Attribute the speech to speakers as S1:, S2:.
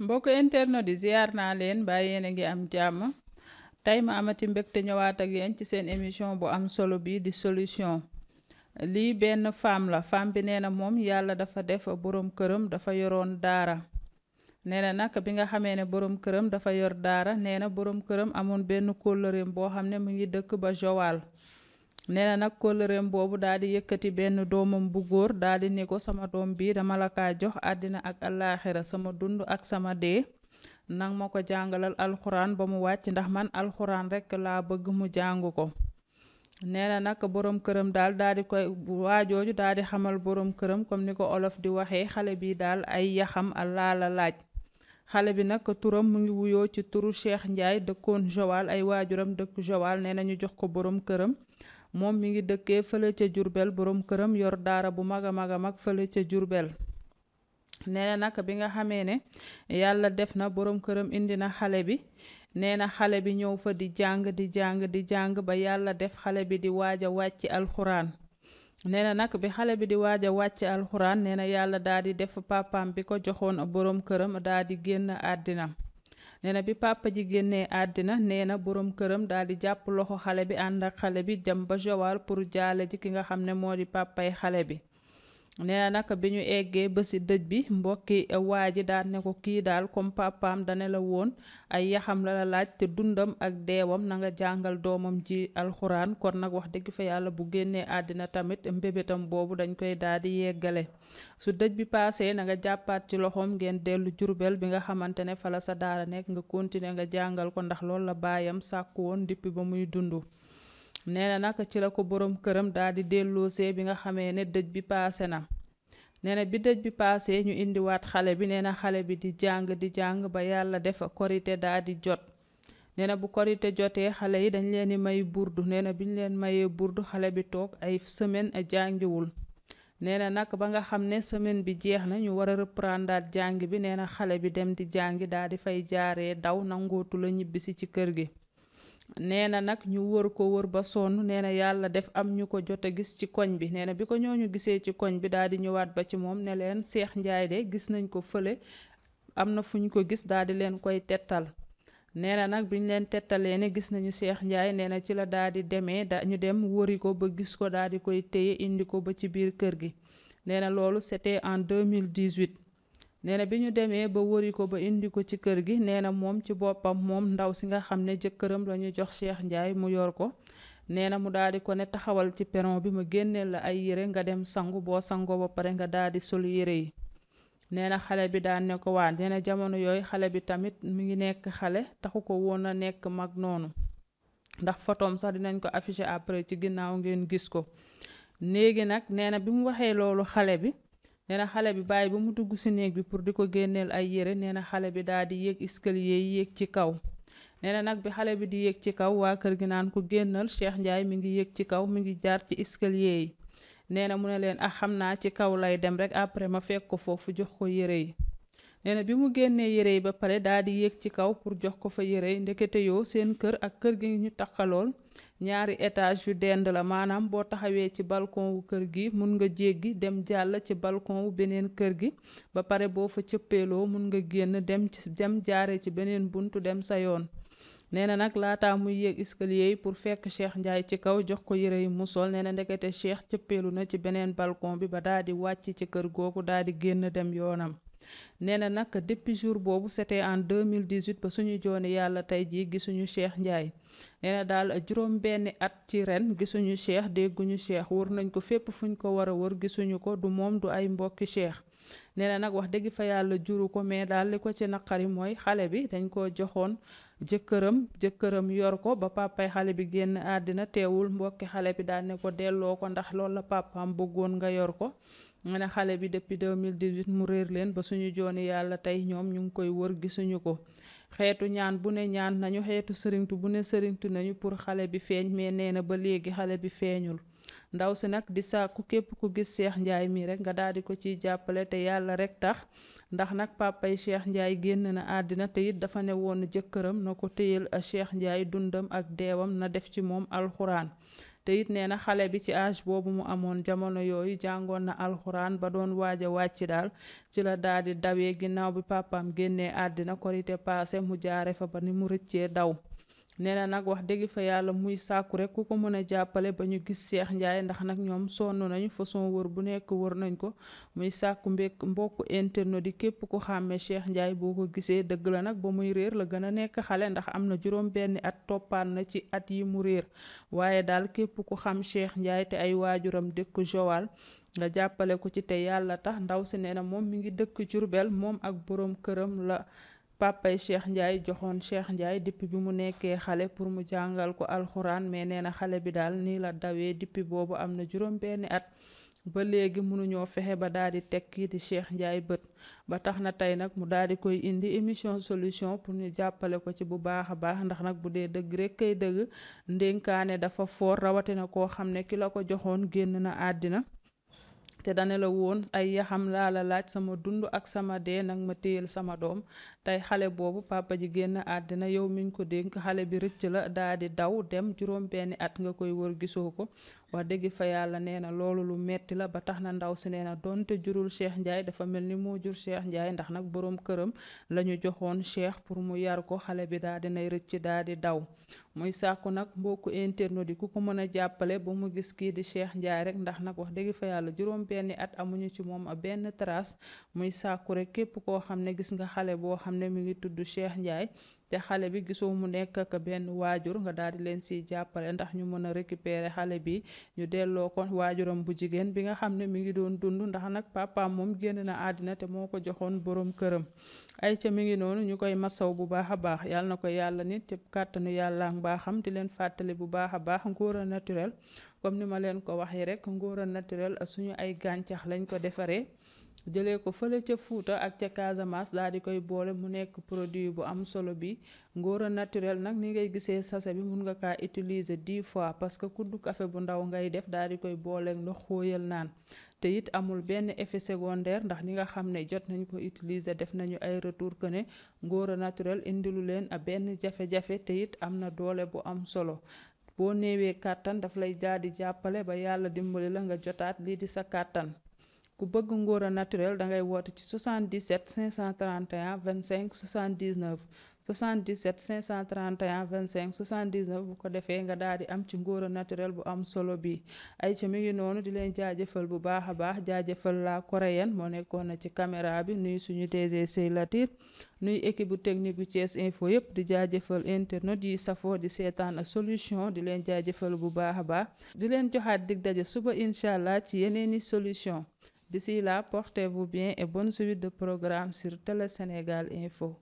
S1: mbokk internet di ziar naa leen ba yéen a ngi am jàmm tey ma amati mbégte ñëwaat ak yéen ci seen émission bu am solo bii di solution lii benn femme la femme bi nee na moom yàlla dafa def borom këram dafa yoroon daara nee na nag bi nga xamee ne borom këram dafa yor daara nee na borom këram amoon benn kóllëreem boo xam ne mu ngi dëkk ba Joal nee nag kóllëreem boobu daal yëkkati benn doomam bu góor daldi ni ko sama doom bii dama la kaa jox àddina ak allaaxira sama dund ak sama dee nang ma ko jàngalal alxuraan ba mu wàcc ndax man alxuraan rekk laa bëgg mu jàng ko nena nag borom këram daal daal di koy waajooju daal xamal borom këram comme ni ko olof di waxee xale bii daal ay yaxam laa la laaj xale bi nag turam mu ngi wuyoo ci turu Cheikh Ndiaye dëkkoon Joal ay waajuram dëkk Joal nee na jox ko borom këram moom mi ngi dëkkee fële ca jurbeel boroom këram yor daara bu mag a mag a mag fële ca Jurbel nee na nag bi nga xamee ne yàlla def na boroom këram indi na xale bi nee na xale bi ñëw fa di jàng di jàng di jàng ba yàlla def xale bi di waaj a wàcc alxuraan nee na nag bi xale bi di waaj a wàcc alxuraan nee na yàlla daa di def papaam bi ko joxoon boroom këram daa di génn àddinam nee na bi papa ji génnee àddina nee na borom këram daal di jàpp loxo xale bi ànd ak xale bi dem ba Joal pour jaale ji ki nga xam ne moo di pàppay xale bi nee nag bi ñu eggee ba si dëj bi mbokki waa ji daan ne ko kii daal comme papaam dane la woon ay yaxam la la laaj te dundam ak deewam na nga jàngal doomam ji alxuraan kon nag wax dëgg fa yàlla bu génnee àddina tamit mbébétam boobu dañ koy daal di yeggale su dëj bi paasee na nga jàppaat ci loxoom ngeen dellu jurubeel bi nga xamante ne fa la sa daara nekk nga continuer nga jàngal ko ndax loolu la baayam sàkku woon depuis ba muy dund neena na nag ci la ko boroom këram daal delloose bi nga xamee ne dëj bi paase na nee bi dëj bi paase ñu indiwaat xale bi nee na xale bi di jàng di jàng ba yàlla def a korite daal di jot nee na bu korite jotee xale yi dañ leen di may burdu nee na biñ leen mayee burdu xale bi toog ay semaine a jàngiwul neena na nag ba nga xam ne semaine bi jeex na ñu war a reprendre jàng bi nee na xale bi dem di jàngi daal di fay jaare daw nangootula ñibbisi ci kër gi nee na nag ñu wër ko wër ba sonn nee na yàlla def am ñu ko jot a gis ci koñ bi nee na bi ko ñu gisee ci koñ bi daal di ñëwaat ba ci moom ne leen Seex Njaay de gis nañ ko fële am na fu ñu ko gis daal di leen koy tettal nee na nag biñ leen tettalee ne gis nañu Seex Njaay nee na ci la daal di demee da ñu dem wëri ko ba gis ko daal di koy téye indi ko ba ci biir kër gi nee loolu c'était en nee bi ñu demee ba wëri ko ba indi ko ci kër gi nee na moom ci boppam moom ndaw si nga xam ne jëkkëram la ñu jox Cheikh Ndiaye mu yor ko nee na mu daal di ko ne taxawal ci peron bi mu génneel la ay yére nga dem sangu boo sangoo ba pare nga daldi sol yére yi nee na xale bi daan ne ko waa nee jamono yooyu xale bi tamit mu ngi nekk xale taxu ko woon a nekk mag noonu ndax fotoom sax dinañ ko afficher après ci ginnaaw ngeen gis ko léegi nag nee bi mu waxee loolu xale bi nee xale bi bàyyi ba mu dugg si néeg bi pour di ko génneel ay yére nee na xale bi daal di yéeg escalier yi yéeg ci kaw nee nag bi xale bi di yéeg ci kaw waa kër gi naan ko génnal Cheikh Ndiaye mi ngi yéeg ci kaw mi ngi jaar ci escalier yi nee na mu ne leen ah xam naa ci kaw lay dem rek après ma fekk ko foofu jox ko yére yi nee bi mu génnee yére yi ba pare daal di yéeg ci kaw pour jox ko fa yére yi ndekete yoo seen kër ak kër gi ñu taxalool ñaari étage yu dend la maanaam boo taxawee ci balkon wu kër gi mun nga jéggi dem jàll ci balkon wu beneen kër gi ba pare boo fa cëppeeloo mun nga génn dem ci dem jaare ci beneen buntu dem sa yoon nee na nag laataa muy yéeg escalier yi pour fekk Cheikh Ndiaye ci kaw jox ko yére yi mu sol nee na ndekete Cheikh cëppeelu na ci beneen balkon bi ba daal di wàcc ci kër googu daal di génn dem yoonam nee na nag depuis jour boobu c'était en 2018 ba suñu jooni yàlla tey jii gisuñu Cheikh Ndiaye nee na daal juróom benni at ci ren gisuñu Cheikh dégguñu Cheikh wër nañ ko fépp fuñ ko war a wër gisuñu ko du moom du ay mbokki Cheikh nee na nag wax dëgg fa yàlla juru ko mais daal li ko ci naqari mooy xale bi dañ ko joxoon jëkkëram jëkkëram yor ko ba papay xale bi génn àddina teewul mbokki xale bi daal ne ko delloo ko ndax loolu la papaam bëggoon nga yor ko nga ne xale bi depuis 2018 mu réer leen ba suñu jooni yàlla tey ñoom ñu ngi koy wër gisuñu ko xeetu ñaan bu ne ñaan nañu xeetu sëriñtu bu ne sëriñtu nañu pour xale bi feeñ mais nee na ba léegi xale bi feeñul ndaw si nag di sàkku képp ku gis Cheikh Ndiaye mii rek nga daal di ko ciy jàppale te yàlla rekk tax ndax nag papay Cheikh Ndiaye génn na àddina te it dafa ne woon jëkkëram na ko téyel Cheikh Ndiaye dundam ak deewam na def ci moom alxuraan te it nee na xale bi ci âge boobu mu amoon jamono yooyu jàngoon na alxuraan ba doon waaja wàcc daal ci la daal di dawee ginnaaw bi pàppam génnee àddina korite paase mu jaare fa ba ni mu rëccee daw nee na nag wax dëgg fa yàlla muy sàkku rek ku ko mën a jàppale ba ñu gis Cheikh Ndiaye ndax nag ñoom sonn nañu façon wër bu nekk wër nañ ko muy sàkku mbekk mbokk internet di képp ku xàmmee Cheikh Ndiaye boo ko gisee dëgg la nag ba muy réer la gën a nekk xale ndax am na juróom benn at toppaat na ci at yi mu réer waaye daal képp ku xam Cheikh Ndiaye te ay waajuram dëkk Joal nga jàppale ko ci te yàlla tax ndaw si nee na moom mi ngi dëkk Jurbel moom ak boroom këram la papay Cheikh Ndiaye joxoon Cheikh Ndiaye depuis bi mu nekkee xale pour mu jàngal ko alxuraan mais nee na xale bi daal nii la dawee depuis boobu am na juróom benni at ba léegi mënuñoo fexe ba daal di teg kii di Cheikh Ndiaye bët ba tax na tey nag mu daal di koy indi émission solution pour ñu jàppale ko ci bu baax a baax ndax nag bu dee dëgg rek kay dëgg ndénkaane dafa foor rawatina koo xam ne ki la ko joxoon génn na àddina te dane la woon ay yaxam laa la laaj sama dund ak sama dee nag ma téyel sama doom tey xale boobu papa ji génn àddina yow miñ ko dénk xale bi rëcc la daa di daw dem juróom benni at nga koy wër gisoo ko wax dégg fa yàlla nee na loolu lu metti la ba tax na ndaw si nee na donte jurul Cheikh Ndiaye dafa mel ni moo jur Cheikh Ndiaye ndax nag boroom këram la ñu joxoon Cheikh pour mu yar ko xale bi daal dinay rëcc daal di daw muy sàkku nag mbokku internet yi ku ko mën a jàppale ba mu gis kii di Cheikh Ndiaye rek ndax nag wax dëgg fa yàlla juróom benni at amuñu ci moom benn trace muy sàkku rek képp koo xam ne gis nga xale boo xam ne mi ngi tudd Cheikh Ndiaye te xale bi gisoo mu nekk ak benn waajur nga daal di leen siy jàppale ndax ñu mën a récupérer xale bi ñu delloo ko waajuram bu jigéen bi nga xam ne mi ngi doon dund ndax nag papaam moom génn na àddina te moo ko joxoon borom këram ay ca mu ngi noonu ñu koy masaw bu baax a baax yàlla na ko yàlla nit ci kàttanu yàlla ak mbaaxam ti leen fàttali bu baax a baax ngóor naturel comme ni ma leen ko waxee rek ngóor a naturel suñu ay gàncax lañ ko defaree jëlee ko fële ca Fuuta ak ca Casamance daal di koy boole mu nekk produit bu am solo bi ngóora naturel nag ni ngay gisee sachet bi mun nga kaa utiliser di fois parce que kuddu café bu ndaw ngay def daal di koy boole ndox xóoyal naan te it amul benn effet secondaire ndax ni nga xam ne jot nañ ko utiliser def nañu ay retour que ne ngóora naturel indilu leen a benn jafe-jafe te it am na doole bu am solo boo néewee kàttan daf lay jaadi jàppale ba yàlla dimbali la nga jotaat lii di sa kàttan ku bëgg ngóor a naturel da ngay woote ci 77 531 25 79 77 531 25 79 bu ko defee nga daal di am ci ngóor a naturel bu am solo bi ay ca mi ngi noonu di leen jaajëfal bu baax a baax jaajëfal laa coréenne moo nekkoon na ci caméra bi nuy suñu DG Latir nuy équipe bu technique bu Thiès Info yëpp di jaajëfal internet yi safoo di seetaan a solution di leen jaa jëfal bu baax a baax di leen joxaat dig daje suba incha allah ci yeneeni solution D'ici là, portez-vous bien et bonne suite de programme sur Télé Sénégal Info.